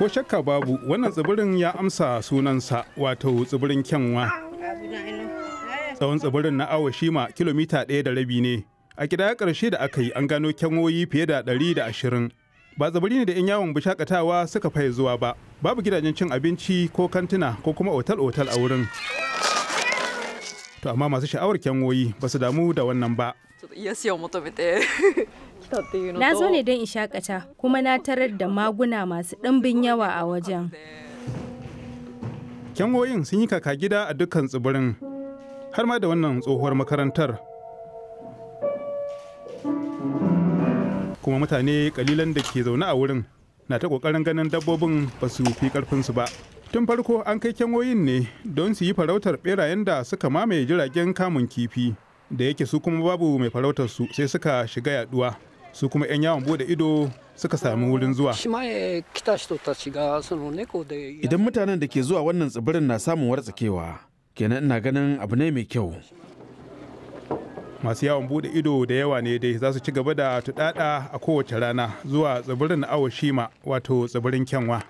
Ko shakka babu wannan tsibirin ya amsa sunansa wato tsibirin kyanwa. Tsawon tsibirin na awa shima kilomita ɗaya da rabi ne. A gida ƙarshe da aka yi an gano kyanwoyi fiye da ɗari da ashirin. Ba tsibiri ne da 'yan yawon bishakatawa suka faye zuwa ba. Babu gidajen cin abinci ko kantuna ko kuma otal-otal a wurin. to amma masu sha'awar kyanwoyi ba su damu da wannan ba na zo ne don in shakata kuma na tarar da maguna masu ɗimbin yawa a wajen kyanwoyin sun yi kaka gida a dukkan tsibirin har ma da wannan tsohuwar makarantar kuma mutane kalilan da ke zaune a wurin na ta kokarin ganin dabbobin ba su fi karfinsu ba tun farko an kai kyanwoyin ne don su yi farautar ɓerayen da suka mamaye jiragen kamun kifi da yake su kuma babu mai farautar su sai suka shiga yaduwa su kuma 'yan yawon bude ido suka sami wurin zuwa idan mutanen da ke zuwa wannan tsibirin na samun wartsakewa kenan ina ganin abu ne mai kyau masu yawon bude ido da yawa ne dai za su ci gaba da tudada a kowace rana zuwa tsibirin awoshima wato tsibirin kyanwa